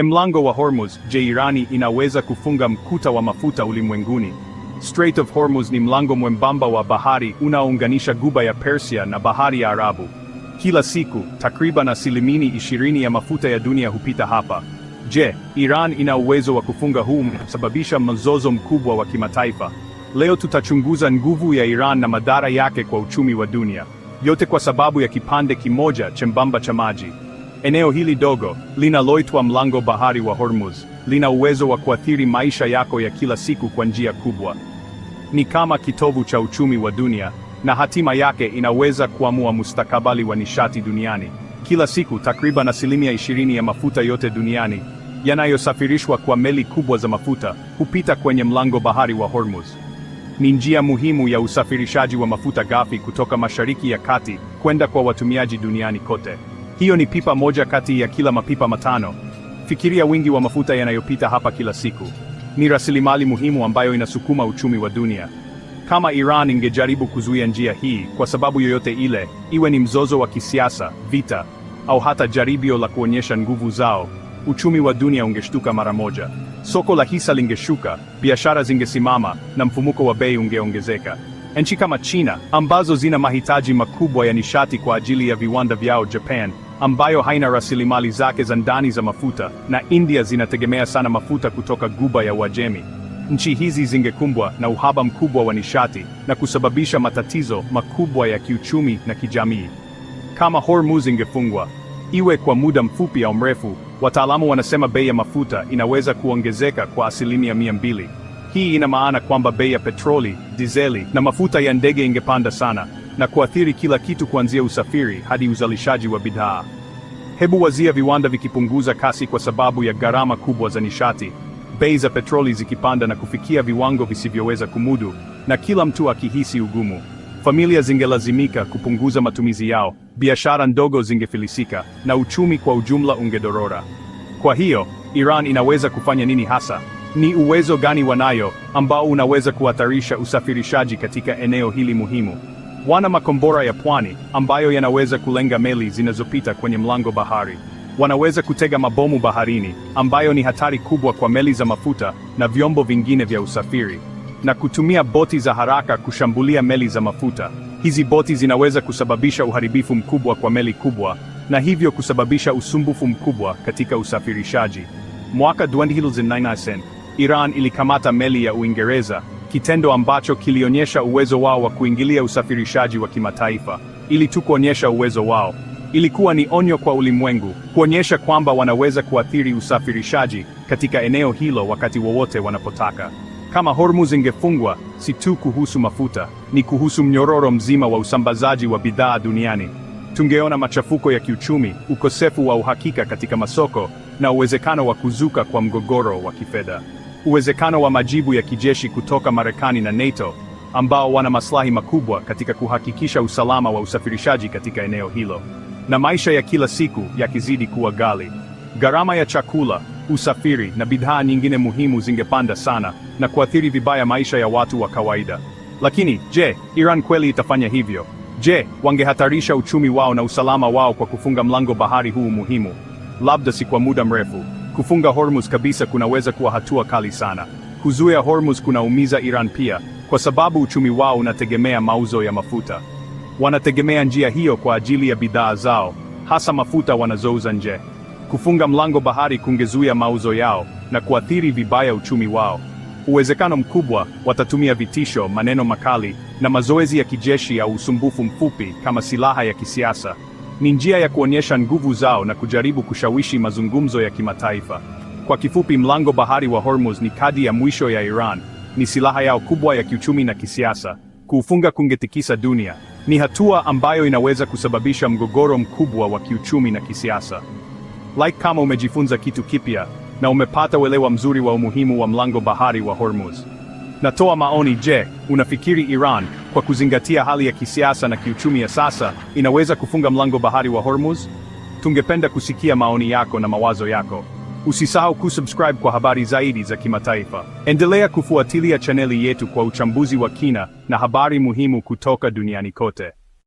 E mlango wa Hormuz. Je, Irani inaweza kufunga mkuta wa mafuta ulimwenguni? Strait of Hormuz ni mlango mwembamba wa bahari unaounganisha guba ya Persia na bahari ya Arabu. Kila siku takriban asilimini ishirini ya mafuta ya dunia hupita hapa. Je, Iran ina uwezo wa kufunga huu kusababisha mzozo mkubwa wa kimataifa? Leo tutachunguza nguvu ya Iran na madhara yake kwa uchumi wa dunia, yote kwa sababu ya kipande kimoja chembamba cha maji. Eneo hili dogo linaloitwa Mlango Bahari wa Hormuz lina uwezo wa kuathiri maisha yako ya kila siku kwa njia kubwa. Ni kama kitovu cha uchumi wa dunia na hatima yake inaweza kuamua mustakabali wa nishati duniani. Kila siku takriban asilimia ishirini ya mafuta yote duniani yanayosafirishwa kwa meli kubwa za mafuta hupita kwenye Mlango Bahari wa Hormuz. Ni njia muhimu ya usafirishaji wa mafuta ghafi kutoka Mashariki ya Kati kwenda kwa watumiaji duniani kote. Hiyo ni pipa moja kati ya kila mapipa matano. Fikiria wingi wa mafuta yanayopita hapa kila siku. Ni rasilimali muhimu ambayo inasukuma uchumi wa dunia. Kama Iran ingejaribu kuzuia njia hii kwa sababu yoyote ile, iwe ni mzozo wa kisiasa, vita au hata jaribio la kuonyesha nguvu zao, uchumi wa dunia ungeshtuka mara moja. Soko la hisa lingeshuka, biashara zingesimama na mfumuko wa bei ungeongezeka. Nchi kama China ambazo zina mahitaji makubwa ya nishati kwa ajili ya viwanda vyao, Japan ambayo haina rasilimali zake za ndani za mafuta na India zinategemea sana mafuta kutoka guba ya Uajemi. Nchi hizi zingekumbwa na uhaba mkubwa wa nishati na kusababisha matatizo makubwa ya kiuchumi na kijamii. Kama Hormuz ingefungwa, iwe kwa muda mfupi au mrefu, wataalamu wanasema bei ya mafuta inaweza kuongezeka kwa asilimia mia mbili. Hii ina maana kwamba bei ya petroli, dizeli na mafuta ya ndege ingepanda sana na kuathiri kila kitu kuanzia usafiri hadi uzalishaji wa bidhaa. Hebu wazia viwanda vikipunguza kasi kwa sababu ya gharama kubwa za nishati, bei za petroli zikipanda na kufikia viwango visivyoweza kumudu, na kila mtu akihisi ugumu. Familia zingelazimika kupunguza matumizi yao, biashara ndogo zingefilisika, na uchumi kwa ujumla ungedorora. Kwa hiyo, Iran inaweza kufanya nini hasa? Ni uwezo gani wanayo ambao unaweza kuhatarisha usafirishaji katika eneo hili muhimu? Wana makombora ya pwani ambayo yanaweza kulenga meli zinazopita kwenye mlango bahari. Wanaweza kutega mabomu baharini ambayo ni hatari kubwa kwa meli za mafuta na vyombo vingine vya usafiri, na kutumia boti za haraka kushambulia meli za mafuta. Hizi boti zinaweza kusababisha uharibifu mkubwa kwa meli kubwa na hivyo kusababisha usumbufu mkubwa katika usafirishaji. Mwaka 2019, Iran ilikamata meli ya Uingereza kitendo ambacho kilionyesha uwezo wao wa kuingilia usafirishaji wa kimataifa ili tu kuonyesha uwezo wao. Ilikuwa ni onyo kwa ulimwengu, kuonyesha kwamba wanaweza kuathiri usafirishaji katika eneo hilo wakati wowote wanapotaka. Kama Hormuz ingefungwa, si tu kuhusu mafuta, ni kuhusu mnyororo mzima wa usambazaji wa bidhaa duniani. Tungeona machafuko ya kiuchumi, ukosefu wa uhakika katika masoko na uwezekano wa kuzuka kwa mgogoro wa kifedha uwezekano wa majibu ya kijeshi kutoka Marekani na NATO ambao wana maslahi makubwa katika kuhakikisha usalama wa usafirishaji katika eneo hilo. Na maisha ya kila siku yakizidi kuwa ghali, gharama ya chakula, usafiri na bidhaa nyingine muhimu zingepanda sana na kuathiri vibaya maisha ya watu wa kawaida. Lakini je, Iran kweli itafanya hivyo? Je, wangehatarisha uchumi wao na usalama wao kwa kufunga mlango bahari huu muhimu? Labda si kwa muda mrefu. Kufunga Hormuz kabisa kunaweza kuwa hatua kali sana. Kuzuia Hormuz kunaumiza Iran pia, kwa sababu uchumi wao unategemea mauzo ya mafuta. Wanategemea njia hiyo kwa ajili ya bidhaa zao, hasa mafuta wanazouza nje. Kufunga mlango bahari kungezuia mauzo yao na kuathiri vibaya uchumi wao. Uwezekano mkubwa watatumia vitisho, maneno makali na mazoezi ya kijeshi au usumbufu mfupi kama silaha ya kisiasa. Ni njia ya kuonyesha nguvu zao na kujaribu kushawishi mazungumzo ya kimataifa. Kwa kifupi, mlango bahari wa Hormuz ni kadi ya mwisho ya Iran, ni silaha yao kubwa ya kiuchumi na kisiasa. Kuufunga kungetikisa dunia. Ni hatua ambayo inaweza kusababisha mgogoro mkubwa wa kiuchumi na kisiasa. Like kama umejifunza kitu kipya na umepata uelewa mzuri wa umuhimu wa mlango bahari wa Hormuz. Natoa maoni. Je, unafikiri Iran kwa kuzingatia hali ya kisiasa na kiuchumi ya sasa inaweza kufunga mlango bahari wa Hormuz? Tungependa kusikia maoni yako na mawazo yako. Usisahau kusubscribe kwa habari zaidi za kimataifa. Endelea kufuatilia chaneli yetu kwa uchambuzi wa kina na habari muhimu kutoka duniani kote.